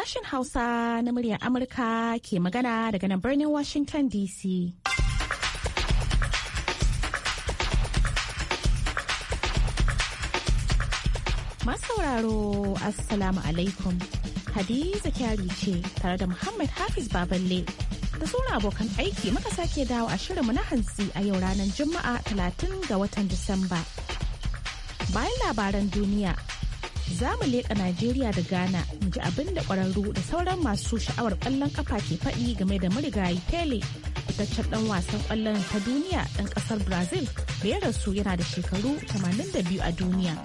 sashen Hausa na muryar Amurka ke magana daga nan birnin Washington DC. sauraro Assalamu alaikum. Hadiza kyari ce tare da Muhammad Hafiz Baballe da suna abokan aiki muka sake dawo a shirinmu na hantsi a yau ranar Juma'a 30 ga watan Disamba. Bayan labaran duniya za mu leƙa Najeriya da Ghana mu ji abin da ƙwararru da sauran masu sha'awar ƙwallon ƙafa ke faɗi game da marigayi Pele fitaccen ɗan wasan ƙwallon ta duniya ɗan ƙasar Brazil da ya rasu yana da shekaru 82 a duniya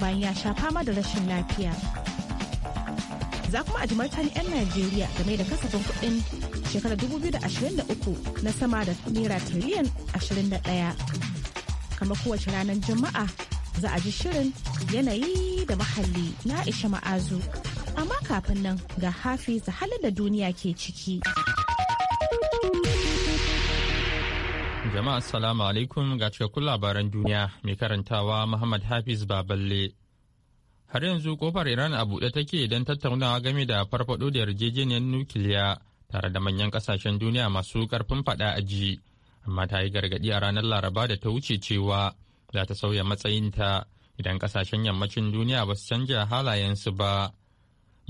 bayan ya sha fama da rashin lafiya. Za kuma a ji martani 'yan Najeriya game da kasafin kuɗin shekarar 2023 na sama da naira tiriliyan 21. Kama kowace ranar Juma'a za a ji shirin yanayi da muhalli na isha Ma'azu. Amma kafin nan ga za halin da duniya ke ciki. Jama'a Assalamu alaikum ga cikakkun labaran duniya mai karantawa Muhammad Hafiz Baballe. Har yanzu kofar Iran a buɗe take don tattaunawa game da farfaɗo da yarjejeniyar nukiliya tare da manyan ƙasashen duniya masu ƙarfin faɗa a ji, amma ta yi gargaɗi a ranar Laraba da ta wuce cewa za ta sauya matsayinta idan kasashen yammacin duniya ba su canja su ba.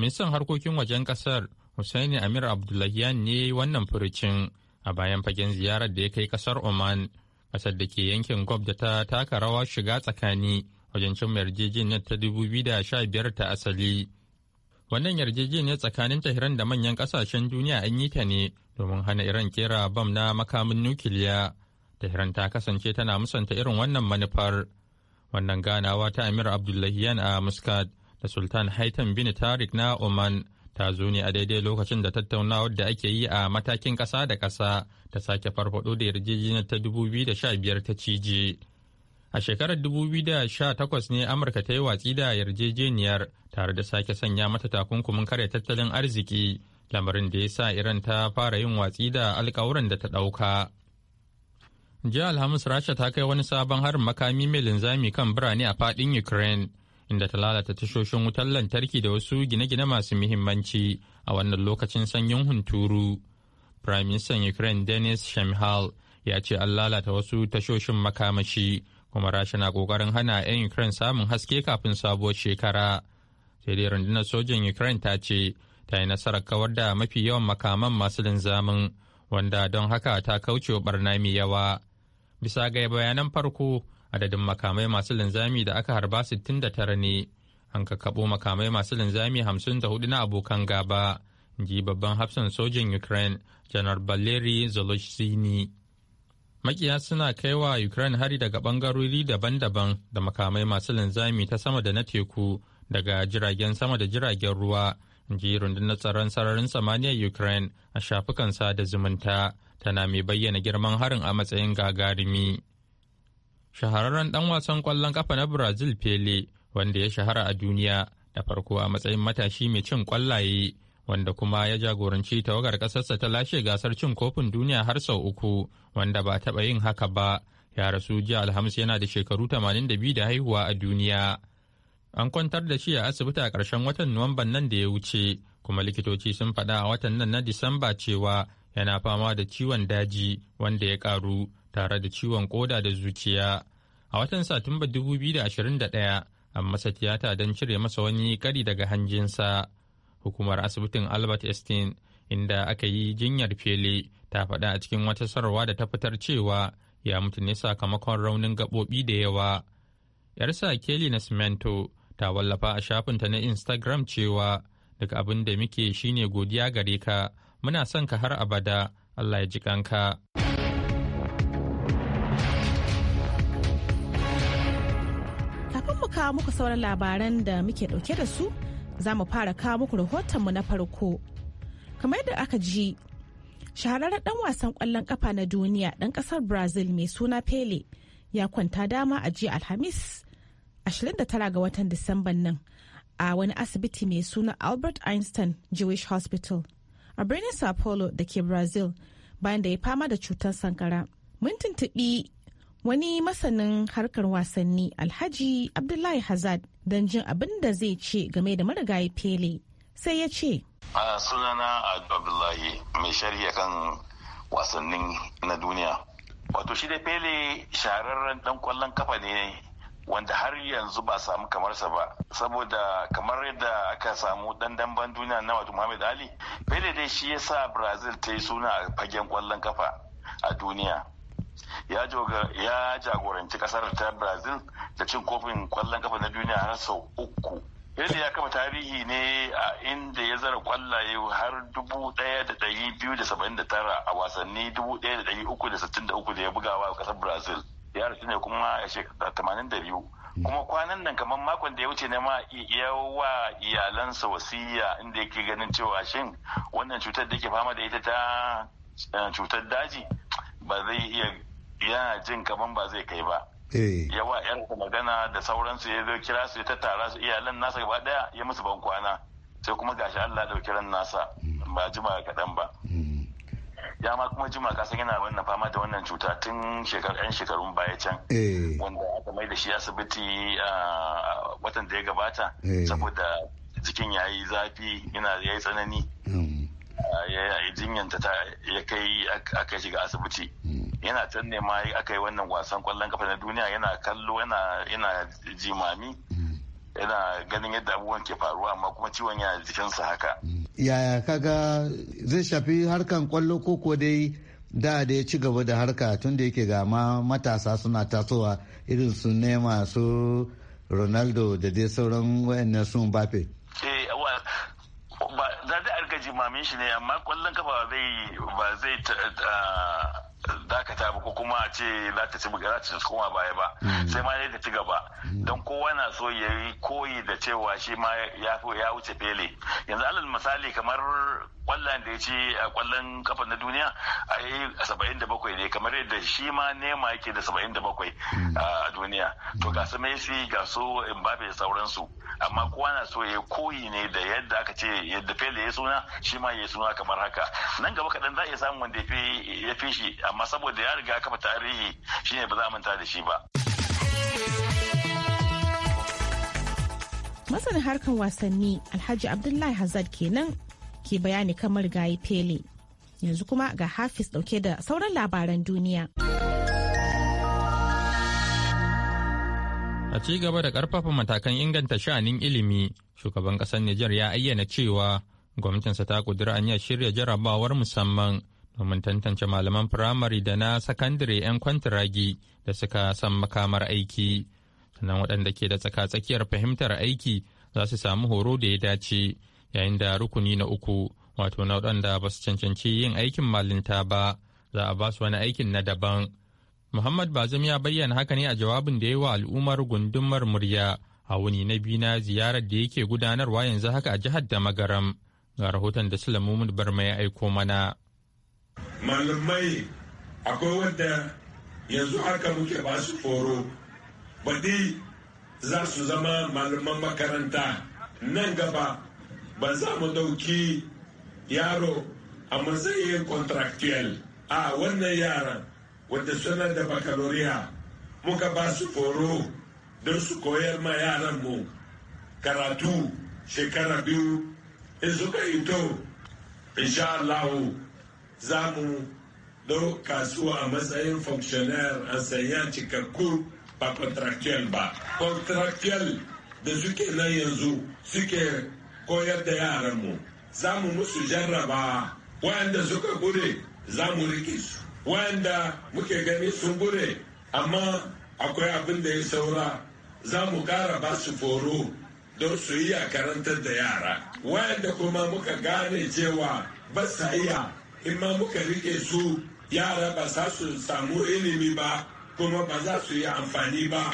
Ministan harkokin wajen kasar Hussaini Amir Abdullahian ne wannan furucin a bayan fagen ziyarar da ya kai kasar Oman, kasar da ke yankin Gob da ta taka rawa shiga tsakani wajen cin yarjejeniyar ta 2015 ta asali. Wannan yarjejeniyar tsakanin Tahiran da manyan kasashen duniya an yi ta ne domin hana Iran kera bam na makamin nukiliya. Tahiran ta kasance tana musanta irin wannan manufar. wannan ganawa ta amir abdullahiyan a muscat da sultan haitan bin tarik na oman ta zo ne a daidai lokacin da tattaunawar da ake yi a matakin ƙasa da ƙasa ta sake farfaɗo da yarjejeniyar ta 2015 ta cije a shekarar 2018 ne amurka ta yi watsi da yarjejeniyar tare da sake sanya mata takunkumin kare tattalin arziki lamarin da ya sa iran ta fara yin watsi da alkawuran da ta ɗauka. jiya alhamis rasha ta kai wani sabon harin makami mai linzami kan birane a fadin ukraine inda ta lalata tashoshin wutar lantarki da wasu gine-gine masu muhimmanci a wannan lokacin sanyin hunturu prime minister ukraine denis shemhal ya ce an lalata wasu tashoshin makamashi kuma rasha na kokarin hana 'yan ukraine samun haske kafin sabuwar shekara sai dai rundunar sojin ukraine ta ce ta yi nasarar kawar da mafi yawan makaman masu linzamin wanda don haka ta kauce wa barna mai yawa bisa ga bayanan farko adadin makamai masu linzami da aka harba 69 ne an kakabo makamai masu linzami 54 na abokan gaba ji babban hafsan sojin ukraine janar valeri zoloshini makiya suna kaiwa wa ukraine hari daga bangarori daban-daban da makamai masu linzami ta sama da na teku daga jiragen sama da jiragen ruwa ji rundunar tsaron sararin samaniyar ukraine a shafukan sada zumunta tana mai bayyana girman harin a matsayin gagarumi. Shahararren ɗan wasan ƙwallon ƙafa na Brazil Pele, wanda ya shahara a duniya da farko a matsayin matashi mai cin ƙwallaye, wanda kuma ya jagoranci tawagar ƙasarsa ta lashe gasar cin kofin duniya har sau uku, wanda ba taɓa yin haka ba, ya rasu jiya Alhamis yana da shekaru 82 da haihuwa a duniya. An kwantar da shi a asibiti a ƙarshen watan Nuwamban nan da ya wuce, kuma likitoci sun faɗa a watan nan na Disamba cewa yana fama da ciwon daji wanda ya karu tare da ciwon koda da zuciya a watan satumba 2021 an masa tiyata don cire masa wani kari daga hanjinsa hukumar asibitin albert einstein inda aka yi jinyar fele ta faɗa a cikin wata sarwa da ta fitar cewa ya mutu ne sakamakon raunin gaɓoɓi da yawa yarsa kelly na cemento ta wallafa a shafinta na instagram cewa duk abin da muke shine godiya gare ka muna son ka har abada Allah ya ji kanka. Kafin mu kawo muku sauran labaran da muke ɗauke da su, za mu fara kawo muku rahotonmu na farko. Kamar yadda aka ji, shahararren ɗan wasan ƙwallon ƙafa na duniya ɗan ƙasar Brazil mai suna Pele ya kwanta dama a jiya Alhamis 29 ga watan Disamban nan a wani asibiti mai suna Albert Einstein Jewish Hospital. a birnin sao paulo da ke brazil bayan da ya fama da cutar sankara mun tuntuɓi wani masanin harkar wasanni alhaji abdullahi hazard don jin abin da zai ce game da marigayi pele sai ya ce sunana abdullahi mai sharhi kan wasannin na duniya wato shi da pele shahararren dan kwallon kafa ne wanda har yanzu ba samu kamarsa ba saboda kamar yadda aka samu dan damban duniya na wato Muhammad Ali bai dai shi yasa Brazil ta yi suna a fagen kwallon kafa a duniya ya jagoranci kasar ta Brazil da cin kofin kwallon kafa na duniya har sau uku Yadda ya kama tarihi ne a inda ya zara kwallaye har 1,279 a wasanni 1,363 da ya bugawa a kasar Brazil. ya rasu ne kuma shekara tamanin da biyu hmm. kuma kwanan nan kamar makon da ya wuce ne ma ya wa iyalansa wasiya inda yake ganin cewa shin wannan cutar da ke fama da ita ta eh, cutar daji ba zai iya yana jin kaman ba zai kai ba eh. wa yarsa magana da sauransu ya zo kira su ya tattara su iyalan nasa gaba daya ya musu ban kwana sai kuma gashi Allah dauki ran nasa hmm. ba jima kaɗan ba hmm. ya ma kuma jima kasan yana wannan fama da wannan cuta tun shekaru yan shekarun baya can eh. wanda aka mai da shi asibiti a watan da ya gabata eh. saboda jikin ya yi zafi yana ya yi tsanani hmm. ya jinyanta ta ya kai aka shiga asibiti hmm. yana can ne ma aka yi wannan wasan kwallon kafa na duniya yana kallo yana jimami hmm. yana ganin yadda abubuwan ke faruwa amma kuma ciwon yana jikinsa haka yaya kaga zai shafi harkan kwallo ko ko dai da da ya ci gaba da harka tun da yake ga ma matasa suna tasowa irin su nema su ronaldo da dai sauran wayannan sun eh, bafe za ta arka jimamin shi ne amma kwallon kafa ba zai dakata ba ko kuma a ce za ta ci za ta koma baya ba mm. sai ma ta ci gaba mm. don kowa na so ya yi koyi da cewa shi ma ya wuce fele yanzu alal misali kamar kwallon da ya ce a kwallon kafa na duniya a yi saba'in da bakwai ne kamar yadda shi ma nema yake da saba'in da bakwai hmm. a duniya to hmm. ga su messi ga su mbappe da sauransu amma kowa na so ya koyi ne da yadda aka ce yadda pele ya suna shi ma ya suna kamar haka nan gaba kaɗan za a iya samun wanda ya fi shi amma saboda ya riga kafa tarihi shine ba za a manta da shi ba. masanin harkar wasanni alhaji abdullahi hazard kenan ke bayani kamar gayi pele yanzu kuma ga hafiz dauke da sauran labaran duniya a ci gaba da karfafa matakan inganta sha'anin ilimi shugaban kasar nijar ya ayyana cewa gwamnatinsa ta kudura aniyar shirya jarabawar musamman domin tantance malaman firamare da na sakandare 'yan kwantiragi da suka san makamar aiki sannan waɗanda ke da tsaka-tsakiyar fahimtar aiki za su samu horo da ya dace yayin da rukuni na uku wato na waɗanda ba su cancanci yin aikin malinta ba za a ba su wani aikin na daban muhammad bazum ya bayyana haka ne a jawabin da ya yi wa al'ummar gundumar murya a wuni na biyu na ziyarar da yake gudanarwa yanzu haka a jihar da magaram ga rahoton da sulamumun barma ya aiko mana malamai akwai wadda yanzu haka muke ba su horo dai za su zama malaman makaranta nan gaba ba za mu dauki yaro a matsayin contractual a wannan yaran wanda suna da bakaloriya muka ba su foro don su koyar ma yaran mu karatu shekara biyu in suka hito insha Allah za mu kasuwa a matsayin functionaire a sanya cikakku ba contractual ba contractual da suke nan yanzu suke koyar da yaranmu za mu musu jarraba wayanda suka gure za mu rike su wayanda muke gani sun gure amma akwai abin da ya saura za mu kara ba su foro don su a karantar da yara wayanda kuma muka gane cewa ba sa iya in ma muka rike su yara ba za su samu ilimi ba kuma ba za su yi amfani ba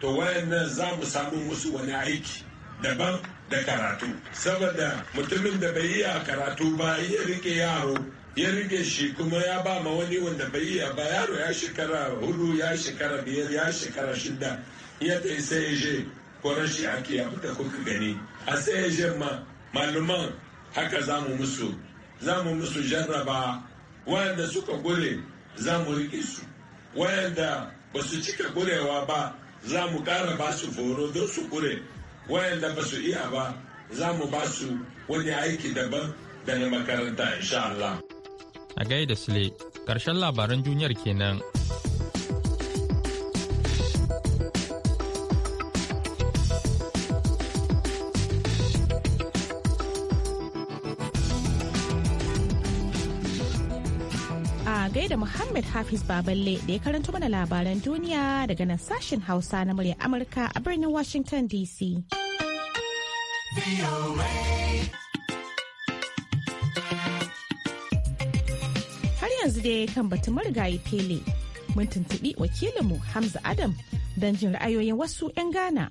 to wayannan za mu samu musu wani aiki daban da karatu saboda mutumin da bai iya karatu ba ya rike yaro ya rike shi kuma ya ba ma wani wanda bai iya ba yaro ya shekara hudu ya shekara biyar ya shekara shida ya ta isa ya je shi ake ya da kuka gani a sai ya je ma malaman haka za mu musu za mu musu jarraba wayanda suka gure za mu rike su wayanda ba su cika gurewa ba za mu kara ba su foro don su gure wayanda ba su iya ba za mu ba su wani aiki daban da na makaranta insha Allah. A gaida Sule, ƙarshen labaran duniyar kenan. gaida Muhammad Hafiz Baballe da ya karanto mana labaran duniya daga nan sashen Hausa na muryar Amurka a birnin Washington DC. Har yanzu dai kan batun marigayi Pele, mun tuntuɓi wakilinmu Hamza Adam don jin ra'ayoyin wasu 'yan gana.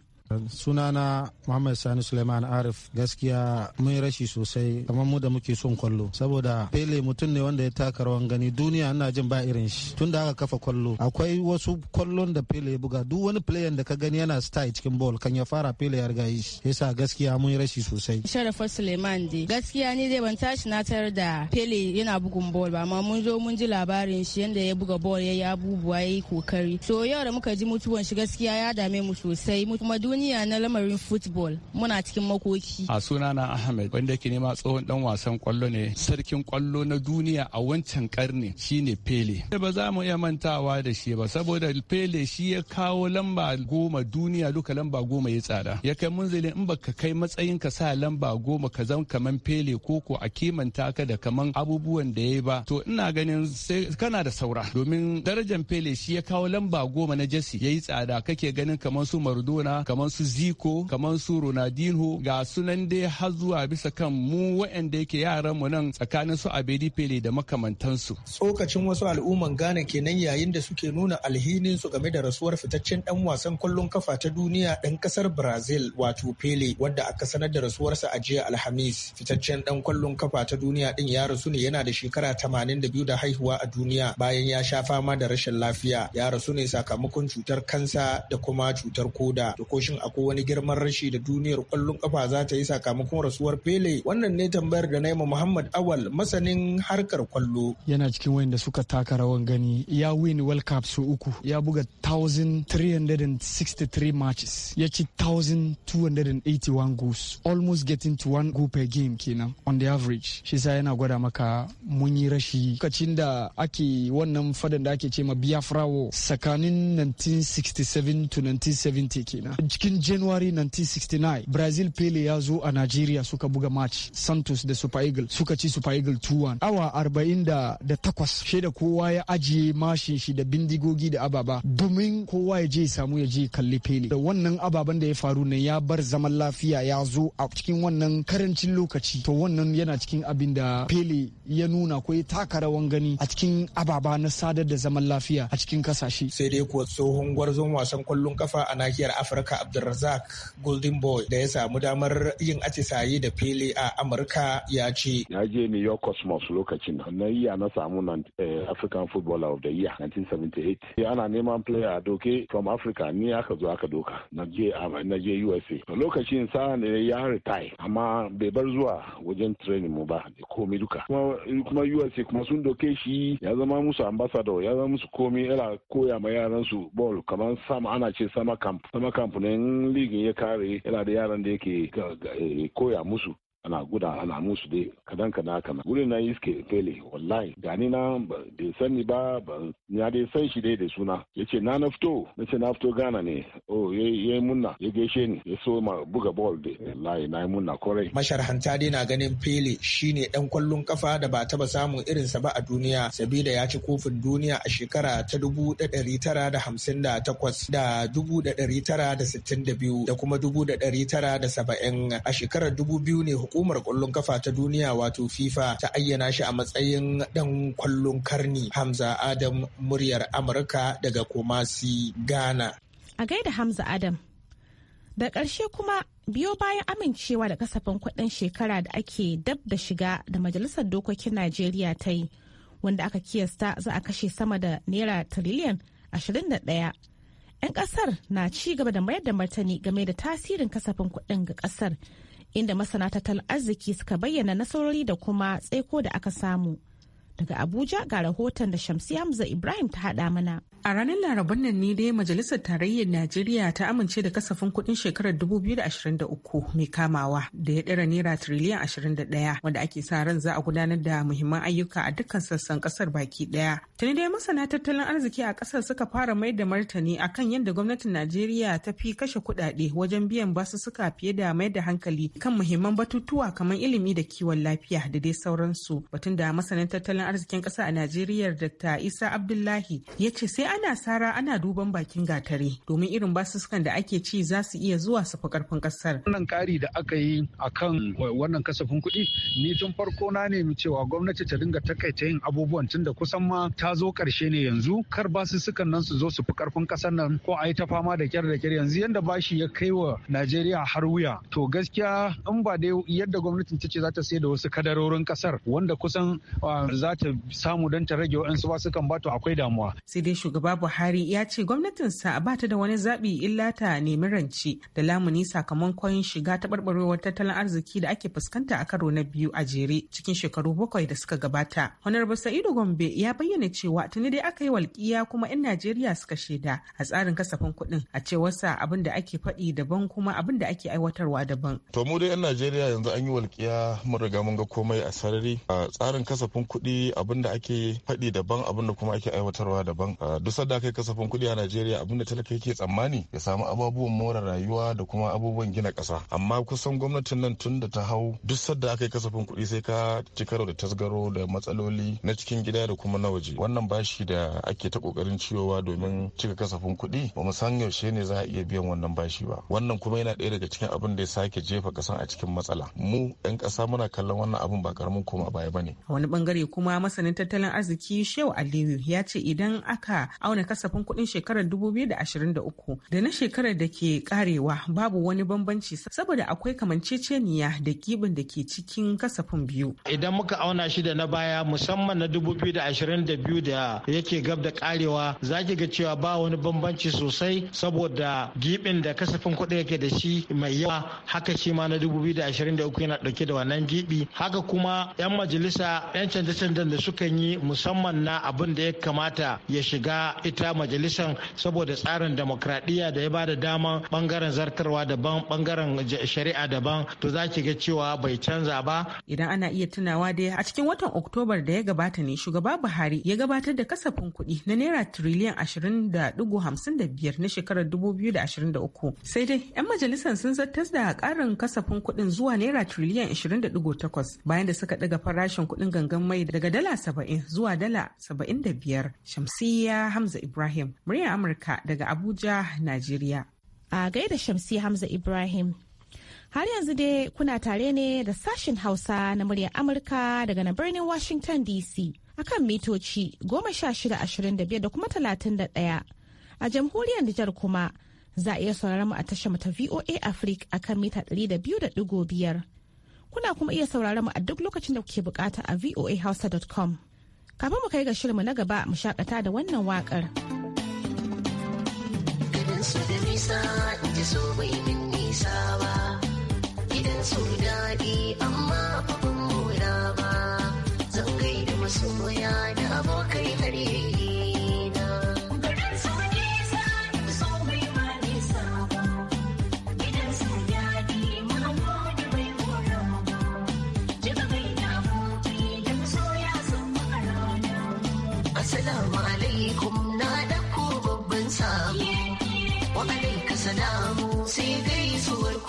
sunana muhammad sani suleiman arif gaskiya mun rashi sosai kamar mu da muke son kwallo saboda pele mutum ne wanda ya taka rawan gani duniya ina jin ba irin shi tun da aka kafa kwallo akwai wasu kwallon da pele ya buga duk wani player da ka gani yana style cikin ball kan ya fara pele ya riga shi yasa gaskiya mun rashi sosai sharafa suleiman de gaskiya ni dai ban tashi na tayar da pele yana bugun ball ba amma mun zo mun ji labarin shi yanda ya buga ball ya yi abubuwa ya yi kokari so yau da muka ji mutuwan shi gaskiya ya dame mu sosai kuma duniya duniya na lamarin football muna cikin makoki. A suna na Ahmed wanda ke nema tsohon dan wasan kwallo ne sarkin kwallo na duniya a wancan karni shine Pele. Ba za mu iya mantawa da shi ba saboda Pele shi ya kawo lamba goma duniya duka lamba goma ya tsada. Ya kai munzalin in baka kai matsayin ka sa lamba goma ka zama kaman Pele ko ko a kimanta ka da kaman abubuwan da ya ba to ina ganin sai kana da saura domin darajar Pele shi ya kawo lamba goma na ya yayi tsada kake ganin kaman su Maradona kaman su ziko kamar su ronaldinho ga sunan dai har zuwa bisa kan mu waɗanda yake yaran mu nan tsakanin su abedi pele da makamantansu tsokacin wasu al'umman ghana kenan yayin da suke nuna alhinin su game da rasuwar fitaccen dan wasan kwallon kafa ta duniya dan kasar brazil wato pele wadda aka sanar da rasuwarsa a jiya alhamis fitaccen dan kwallon kafa ta duniya din ya rasu ne yana da shekara 82 da haihuwa a duniya bayan ya sha fama da rashin lafiya ya rasu ne sakamakon cutar kansa da kuma cutar koda da koshin akwai wani girman rashi da duniyar kwallon kafa za ta yi sakamakon rasuwar Pele? Wannan ne tambayar da Naima Muhammad Awal masanin harkar kwallo. Yana cikin wayanda suka taka rawan gani ya win World Cup su uku ya buga 1363 matches ya ci 1281 goals almost getting to one goal per game kenan on the average. Shi sa yana gwada maka mun yi rashi lokacin da ake wannan fadan da ake ce ma Biafra tsakanin 1967 to 1970 kenan. cikin January 1969 Brazil Pele ya zo a Nigeria suka buga match Santos da Super Eagle suka ci Super Eagle 2-1 awa 48 sheda kowa ya ajiye mashin shi da bindigogi da ababa domin kowa ya je ya samu ya je kalli Pele da wannan ababan da ya faru ne ya bar zaman lafiya ya zo a cikin wannan karancin lokaci to wannan yana cikin abin da Pele ya nuna ko ya taka rawan gani a cikin ababa na sadar da zaman lafiya a cikin kasashe sai dai kuwa tsohon gwarzon wasan kwallon kafa a nahiyar Afirka Abdulrazak Golden Boy da ya samu damar yin atisaye da fili a Amurka ya ce. Na je New York Cosmos lokacin na iya na samu nan eh, African Footballer of the Year 1978. Eh, ana neman player a doke from Africa ni aka zo aka doka na je ah, na je USA. Lokacin sa ne ya retire amma bai bar zuwa wajen training mu ba da komai duka. Kuma USA kuma sun doke shi ya zama musu ambassador ya zama musu komai ila koya ma yaran su ball kamar sama ana ce sama camp. Sama camp ne in ligin ya kare yana da yaran da yake eh, koya musu ana guda ana musu dai kadan kana kana gurin na iske fele wallahi gani na da sani ba ya dai san shi dai da suna ce na na fito nace na fito gana ne O ya yi munna ya gaishe ni ya so ma buga bol dai wallahi na yi munna kwarai masharhanta dai na ganin fele shine dan kwallon kafa da ba taba samun irinsa ba a duniya sabida ya ci kofin duniya a shekara ta dubu da tara da hamsin da da da da da da takwas dubu tara sittin biyu kuma dubu da da tara saba'in a shekarar dubu biyu ne hukumar kwallon kafa ta duniya wato FIFA ta ayyana shi a matsayin dan kwallon karni Hamza Adam muryar Amurka daga Kumasi, Ghana. A gaida Hamza Adam. Da karshe kuma biyo bayan amincewa da kasafin kuɗin shekara da ake dab da shiga da Majalisar Dokokin Najeriya ta yi, wanda aka kiyasta za a kashe sama da Naira tiriliyan 21. 'Yan ƙasar na ci gaba da mayar da martani game da tasirin kasafin kuɗin ga ƙasar inda masana tattalin arziki suka bayyana nasarori da kuma tsaiko da aka samu Daga Abuja ga rahoton da Shamsi Hamza Ibrahim ta hada mana. A ranar Laraban nan ne dai Majalisar Tarayyar Najeriya ta amince da kasafin kudin shekarar 2023 mai kamawa da ya dara naira tiriliyan 21 wanda ake sa ran za a gudanar da muhimman ayyuka a dukkan sassan ƙasar baki ɗaya. Tuni dai masana tattalin arziki a kasar suka fara mai da martani akan yadda gwamnatin Najeriya ta fi kashe kudade wajen biyan basu suka fiye da mai da hankali kan muhimman batutuwa kamar ilimi da kiwon lafiya da dai sauransu. Batun da masanin tattalin tattalin arzikin ƙasa a Najeriya Dr. Isa Abdullahi ya ce sai ana sara ana duban bakin gatare domin irin basussukan da ake ci za su iya zuwa su fi ƙarfin ƙasar. Wannan ƙari da aka yi a kan eh, wannan kasafin kuɗi ni tun farko na nemi cewa gwamnati ta dinga takaita yin abubuwan tun da kusan ma ta zo ƙarshe ne yanzu kar basussukan nan su zo su fi ƙarfin ƙasar nan ko a yi ta fama da kyar da kyar yanzu yadda bashi ya kai wa Najeriya har wuya to gaskiya in ba da yadda gwamnatin ta ce za ta sai da wasu kadarorin ƙasar wanda kusan eh, za ta samu don ta rage wa'ansu ba sukan akwai damuwa. Sai dai shugaba Buhari ya ce gwamnatinsa ba ta da wani zaɓi illa ta nemi rance da lamuni sakamakon shiga barbarewar tattalin arziki da ake fuskanta a karo na biyu a jere cikin shekaru bakwai da suka gabata. Honorable Sa'idu Gombe ya bayyana cewa tuni dai aka yi walƙiya kuma 'yan Najeriya suka shaida a tsarin kasafin kuɗin a cewarsa abin da ake faɗi daban kuma abin da ake aiwatarwa daban. To mu dai 'yan Najeriya yanzu an yi walƙiya mun riga mun ga komai a sarari a tsarin kasafin kuɗi abin da ake faɗi daban abin da kuma ake aiwatarwa daban duk sadda kai kasafin kuɗi a najeriya abin da talaka yake tsammani ya samu ababuwan more rayuwa da kuma abubuwan gina ƙasa amma kusan gwamnatin nan tun da ta hau duk sadda aka kasafin kuɗi sai ka ci karo da tasgaro da matsaloli na cikin gida da kuma na waje wannan bashi da ake ta ƙoƙarin ciyowa domin cika kasafin kuɗi ba mu san yaushe ne za a iya biyan wannan bashi ba wannan kuma yana ɗaya daga cikin abin da ya sake jefa ƙasan a cikin matsala mu 'yan ƙasa muna kallon wannan abin ba karamin koma baya bane wani bangare kuma kuma masanin tattalin arziki shehu aliyu ya ce idan aka auna kasafin kuɗin shekarar 2023 da na shekarar da ke karewa babu wani bambanci saboda akwai kamanceceniya da kibin da ke cikin kasafin biyu idan muka auna shi da na baya musamman na 2022 da yake gab da karewa za ki ga cewa ba wani bambanci sosai saboda gibin da kasafin kuɗi yake da shi mai yawa haka shi ma na 2023 yana ɗauke da wannan gibi haka kuma 'yan majalisa 'yan canje-canje rahoton da sukan yi musamman na abin da ya kamata ya shiga ita majalisar saboda tsarin demokradiyya da ya ba da dama bangaren zartarwa daban bangaren shari'a daban to za ki ga cewa bai canza ba. Idan ana iya tunawa dai a cikin watan Oktobar da ya gabata ne shugaba Buhari ya gabatar da kasafin kuɗi na naira tiriliyan 20.55 na shekarar 2023 sai dai 'yan majalisan sun zartar da karin kasafin kuɗin zuwa naira tiriliyan 20.8 bayan da suka ɗaga farashin kuɗin gangan mai daga dala saba'in zuwa dala saba'in da biyar shamsiya hamza ibrahim muryar amurka daga abuja najeriya a gaida shamsiya hamza ibrahim har yanzu dai kuna tare ne da sashen hausa na muryar amurka daga na birnin washington dc akan mitoci goma sha shida ashirin da biyar da kuma talatin da ɗaya a jamhuriyar nijar kuma za a iya sauraron mu a tashar mu ta voa africa akan mita ɗari da biyu da ɗigo biyar Kuna kuma iya saurare mu a duk lokacin da kuke bukata a voahausa.com. Kafin mu kai ga shirinmu na gaba mu shakata da wannan wakar Gidan su da nisa, ji so bai min nisa ba. Gidan su daɗi amma namu sai gaisuwar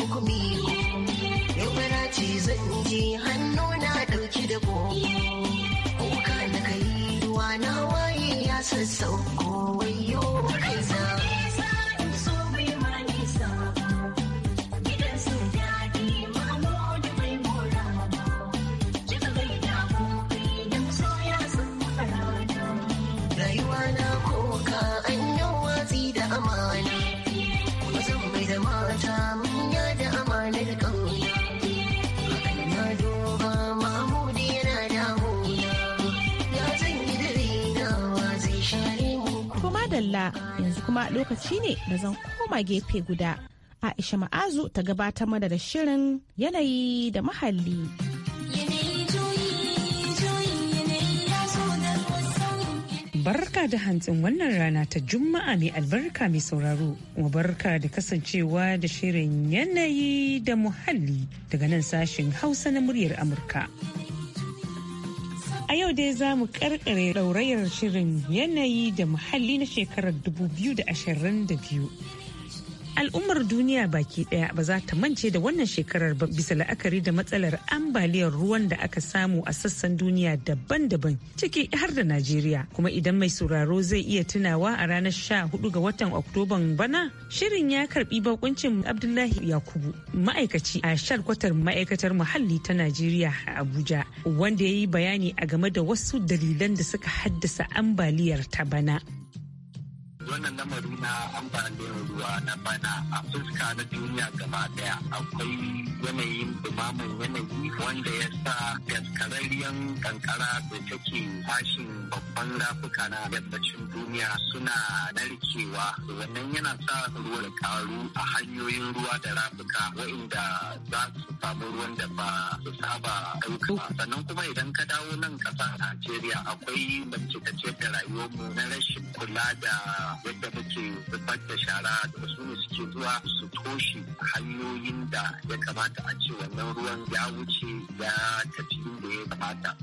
lalla yanzu kuma lokaci ne da zan koma gefe guda. Aisha Ma'azu ta gabatar mana da shirin yanayi da muhalli. Barka da hantsin wannan rana ta Juma'a mai albarka mai sauraro, kuma barka da kasancewa da shirin yanayi da muhalli daga nan sashen Hausa na muryar Amurka. A yau dai za mu karkare ɗaurayar shirin yanayi da muhalli na shekarar 2022 al'ummar duniya baki daya ba za ta mance da wannan shekarar ba bisa la'akari da matsalar ambaliyar ruwan da aka samu a sassan duniya daban-daban ciki har da najeriya kuma idan mai sauraro zai iya tunawa a ranar sha hudu ga watan oktoban bana shirin ya karbi bakuncin abdullahi yakubu ma'aikaci a sharkwatar ma'aikatar muhalli ta najeriya a abuja wanda ya yi bayani a game da wasu dalilan da suka haddasa ambaliyar ta bana wannan lamari na ambaliyar ruwa na bana a fuska na duniya gaba daya akwai yanayin dumamin yanayi wanda ya sa daskararriyar kankara da take tashin babban rafuka na yammacin duniya suna narkewa wannan yana sa ruwa da karu a hanyoyin ruwa da rafuka wa'inda za su samu ruwan da ba su saba ɗauka sannan kuma idan ka dawo nan ƙasar Najeriya akwai bincike da rayuwarmu na rashin kula da yadda muke zubar da shara da su ne suke zuwa su toshe hanyoyin da ya kamata a ce wannan ruwan ya wuce ya tafi inda ya kamata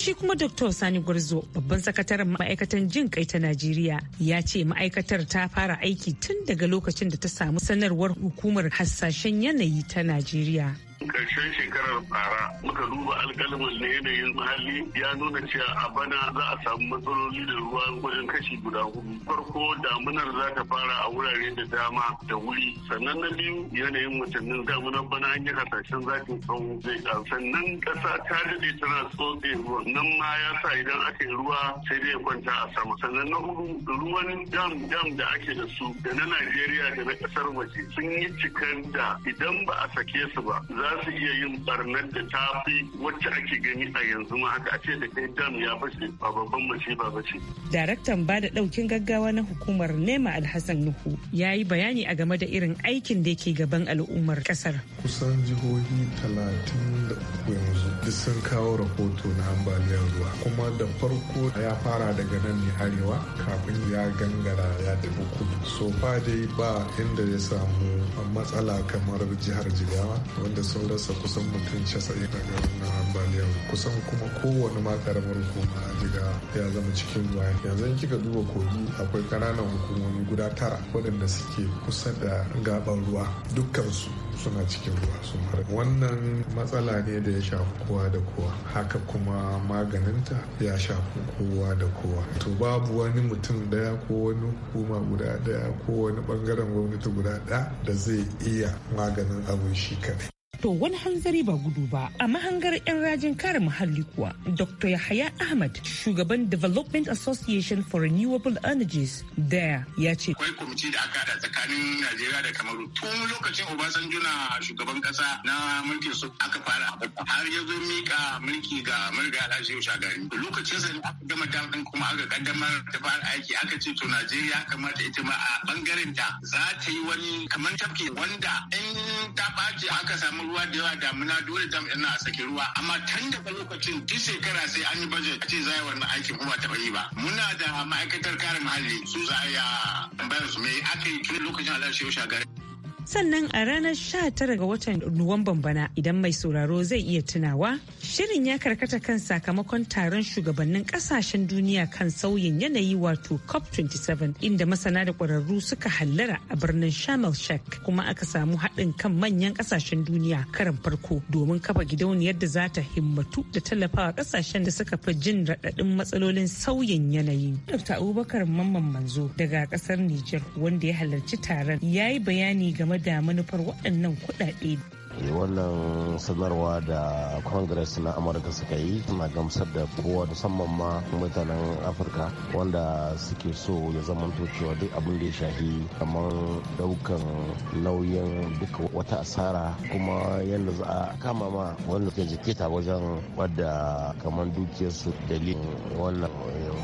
Shi kuma Dr. Sani Gwarzo, babban sakataren ma'aikatan jin kai ta Najeriya, ya ce ma'aikatar ta fara aiki tun daga lokacin da ta samu sanarwar hukumar hasashen yanayi ta Najeriya. karshen shekarar bara muka duba alkalamin na yanayin muhalli ya nuna cewa a bana za a samu matsaloli da ruwa wajen kashi guda hudu farko damunar za ta fara a wurare da dama da wuri sannan na biyu yanayin watannin damunar bana an yi hasashen zafin tsawo zai karu sannan ƙasa ta daɗe tana tsotse ruwan nan ma ya sa idan aka yi ruwa sai dai kwanta a sama sannan na hudu ruwan dam dam da ake da su da na najeriya da na ƙasar waje sun yi cikar da idan ba a sake su ba za su iya yin barnar da ta fi wacce ake gani a yanzu ma haka a ce da kai dam ya bace ba babban mace ba bace. Daraktan ba da ɗaukin gaggawa na hukumar Nema Alhassan Nuhu ya yi bayani a game da irin aikin da yake gaban al'ummar ƙasar. Kusan jihohi talatin da uku yanzu duk sun kawo rahoto na ambaliyar ruwa kuma da farko ya fara daga nan ne arewa kafin ya gangara ya tafi kudu. So fa dai ba inda ya samu matsala kamar jihar Jigawa wanda sau rasa kusan mutum casa'in a garin na ambaliya kusan kuma kowane ma karamar hukuma a jiga ya zama cikin ruwa yanzu in kika duba kogi akwai kananan hukumomi guda tara waɗanda suke kusa da gaban ruwa dukkansu suna cikin ruwa sun wannan matsala ne da ya shafi kowa da kowa haka kuma maganinta ya shafi kowa da kowa to babu wani mutum daya ko wani hukuma guda daya ko wani bangaren gwamnati guda daya da zai iya maganin abin shi kadai To wani hanzari ba gudu ba a mahangar 'yan rajin kare muhalli kuwa Dr. Yahaya Ahmad shugaban Development Association for Renewable Energies daya ya ce. Akwai kurci da aka hada tsakanin Najeriya da Kamaru tun lokacin Obasanjo na shugaban kasa na mulkin su aka fara har ya zo mika mulki ga mulki Alhaji Yau Shagari. Lokacin sa aka gama tafin kuma aka kaddamar da fara aiki aka ce to Najeriya kamata ita ma a bangaren ta za ta yi wani kamar tafki wanda in ta ɓaci aka samu ruwa da yawa damuna dole dam ɗin a saki ruwa amma tun daga lokacin duk shekara sai an yi budget a ce za a yi wannan aikin kuma taɓa yi ba muna da ma'aikatar kare muhalli su za a yi ah, tambayar su me aka yi tun lokacin alashi yau shagari. sannan a ranar 19 ga watan nuwamban bana idan mai sauraro zai iya tunawa Shirin ya karkata kan sakamakon taron shugabannin kasashen duniya kan sauyin yanayi wato COP27 inda masana da kwararru suka hallara a birnin Sharm el kuma aka samu haɗin kan manyan kasashen duniya karan farko domin kafa gidauniyar da za ta himmatu da tallafawa kasashen da suka fi jin raɗaɗin matsalolin sauyin yanayi. Dr. Abubakar Mamman Manzo daga ƙasar Nijar wanda ya halarci taron ya yi bayani game da manufar waɗannan kuɗaɗe Eh, wannan sanarwa da congress na amurka suka yi na gamsar da kowa musamman ma mutanen afirka wanda suke so ya zama cewa duk abin da ya shahi kamar daukan nauyin duk wata asara kuma yadda za a kama ma wanda ke jikita wajen wadda kamar dukiyarsu dalilin wannan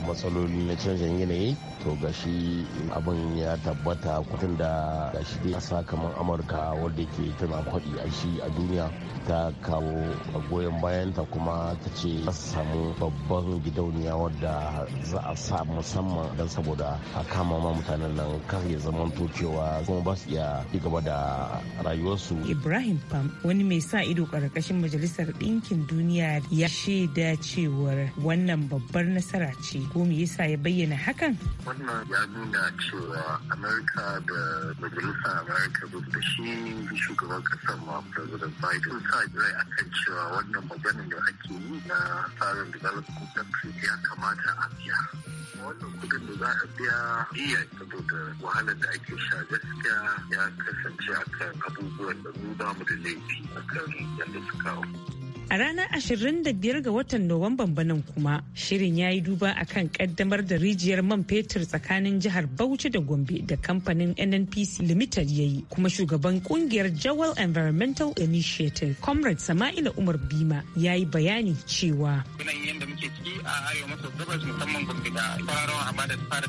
matsaloli na canjin yanayi to gashi abin ya tabbata kudin da gashi dai kasa kamar amurka wadda ke tana kwaɗi a shi a duniya ta kawo goyon bayanta kuma ta ce samu babban gidauniya wadda za a sa musamman don saboda a kama ma mutanen nan kan ya zama cewa kuma ba su iya ci gaba da rayuwarsu. Ibrahim Pam wani mai sa ido ƙarƙashin Majalisar Ɗinkin Duniya ya shaida cewar wannan babbar nasara dabara ce ko me yasa ya bayyana hakan wannan ya nuna cewa amerika da majalisa amerika da shi shugaban kasar ma president biden sa rai a kan cewa wannan maganin da ake yi na tsarin development countries ya kamata a biya wannan kudin da za a biya iya saboda wahalar da ake sha gaskiya ya kasance akan abubuwan da mu ba mu da laifi akan yadda suka A ranar 25 ga watan Nuwamban banan kuma shirin ya yi duba a kan kaddamar da rijiyar man fetur tsakanin jihar Bauchi da Gombe da kamfanin NNPC Limited ya yi kuma shugaban kungiyar Jawal Environmental Initiative Comrade Sama'ila Umar Bima ya yi bayani cewa. da a arewa maso musamman Gombe da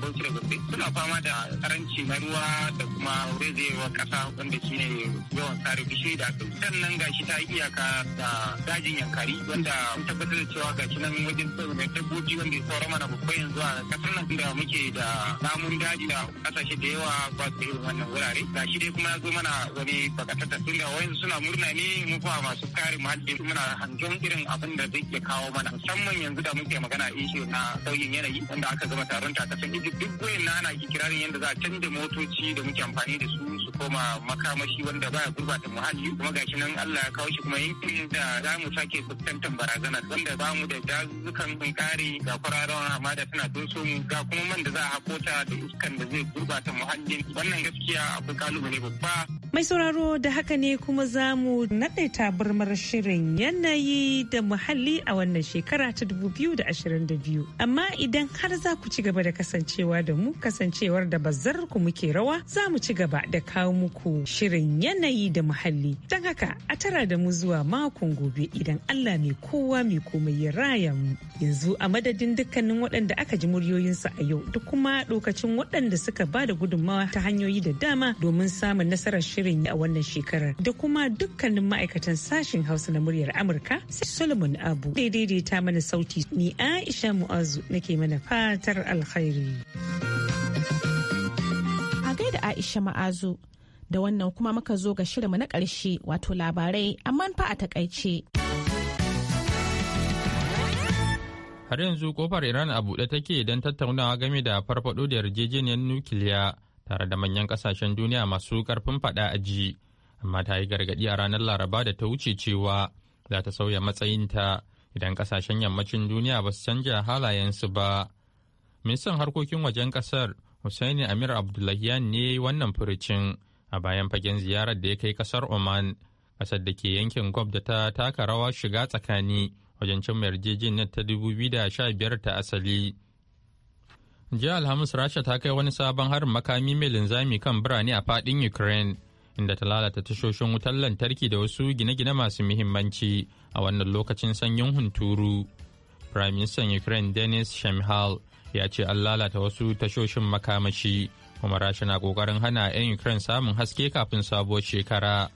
bankin suna fama da karanci na ruwa da kuma rezewa kasa wanda shi yawan sare bishiyoyi da aka sannan gashi ta iyaka da dajin yankari wanda mun tabbatar da cewa gashi nan wajen mai dabbobi wanda ya saura mana babba yanzu a kasar nan da muke da namun daji da kasashe da yawa ba su irin wannan wurare gashi dai kuma ya zo mana wani bakatata tun da wayan suna murna ne mu kuma masu kare muhalli muna hangen irin abin da zai iya kawo mana musamman yanzu da muke magana ishe na sauyin yanayi wanda aka gama taron takasan Egypt duk wayan na ana kirarin yadda za a canja motoci da muke amfani da su su koma makamashi muhalli wanda baya gurbata muhalli kuma gashi nan Allah ya kawo shi kuma yankin da za mu sake fuskantar barazana wanda ba mu da dazukan kare ga kwararrawan hamada tana so mu ga kuma man da za a hako ta da iskan da zai gurbata muhallin wannan gaskiya akwai kalubale babba. Mai sauraro da haka ne kuma za mu naɗe tabarmar shirin yanayi da muhalli a wannan shekara ta 2022. Amma idan har za ku ci gaba da kasancewa da mu kasancewar da bazar ku muke rawa za mu ci gaba da kawo muku shirin yanayi da muhalli. Don haka a tara da mu zuwa makon gobe idan Allah mai kowa mai komai ya raya mu. Yanzu a madadin dukkanin waɗanda aka ji muryoyinsu a yau da kuma lokacin waɗanda suka ba da gudunmawa ta hanyoyi da dama domin samun nasarar shirin a wannan shekarar da kuma dukkanin ma'aikatan sashen Hausa na muryar Amurka sai Solomon Abu daidaita mana sauti ni Aisha Mu'azu nake mana fatar alkhairi. A gaida Aisha Ma'azu da wannan kuma muka zo ga shirinmu na ƙarshe wato labarai amma fa a takaice. Har yanzu kofar Iran a buɗe take don tattaunawa game da farfaɗo da yarjejeniyar nukiliya tare da manyan ƙasashen duniya masu ƙarfin faɗa a ji, amma ta yi gargaɗi a ranar Laraba da ta wuce cewa za ta sauya matsayinta idan ƙasashen yammacin duniya ba su canja halayensu ba. Ministan harkokin wajen ƙasar Hussaini Amir Abdullahian ne wannan furucin. a bayan fagen ziyarar da ya kai kasar Oman, kasar da ke yankin Gob da ta taka rawa shiga tsakani wajen cin yarjejeniyar ta 2015 ta asali. Jiya Alhamis Rasha ta kai wani sabon harin makami mai linzami kan birane a fadin Ukraine, inda ta lalata tashoshin wutar lantarki da wasu gine-gine masu muhimmanci a wannan lokacin sanyin hunturu. Prime Minister Ukraine Denis Shemhal ya ce an lalata wasu tashoshin makamashi kuma rasha na kokarin hana 'yan ukraine samun haske kafin sabuwar shekara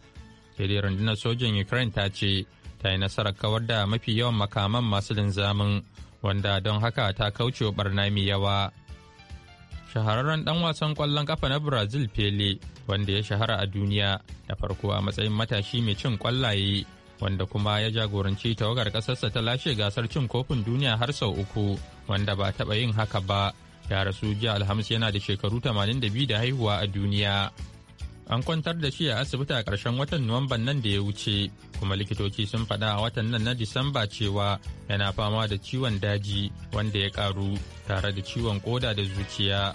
dai rundunar sojan ukraine ta ce ta yi nasarar kawar da mafi yawan makaman masu linzamin wanda don haka ta kauce wa barna mai yawa shahararren dan wasan kwallon kafa na brazil pele wanda ya shahara a duniya da farko a matsayin matashi mai cin kwallaye wanda kuma ya jagoranci tawagar ƙasarsa ta lashe gasar cin kofin duniya har sau uku wanda ba taɓa yin haka ba ya rasu jiya alhamis yana da shekaru 82 da haihuwa a duniya an kwantar da shi a asibiti a ƙarshen watan nuwamban nan da ya wuce kuma likitoci sun faɗa a watan nan na disamba cewa yana fama da ciwon daji wanda ya ƙaru tare da ciwon koda da zuciya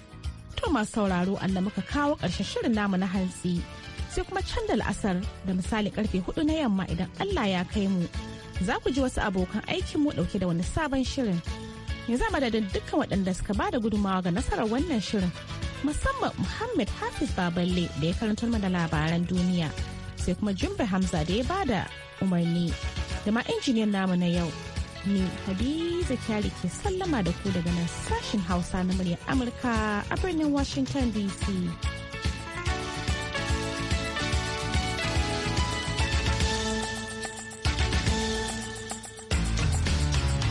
to masu sauraro allah muka kawo ƙarshen shirin namu na hantsi sai kuma can da la'asar da misali karfe hudu na yamma idan allah ya kai mu za ku ji wasu abokan aikinmu ɗauke da wani sabon shirin yanzu madadin dukkan waɗanda suka bada gudummawa ga nasarar wannan shirin musamman muhammad hafiz baballe da ya karantar mana labaran duniya sai kuma jimbe hamza da ya bada umarni da ma injiniyan namu na yau ni hadiza kyali ke sallama da ku daga nan sashin hausa na muryar amurka a birnin washington dc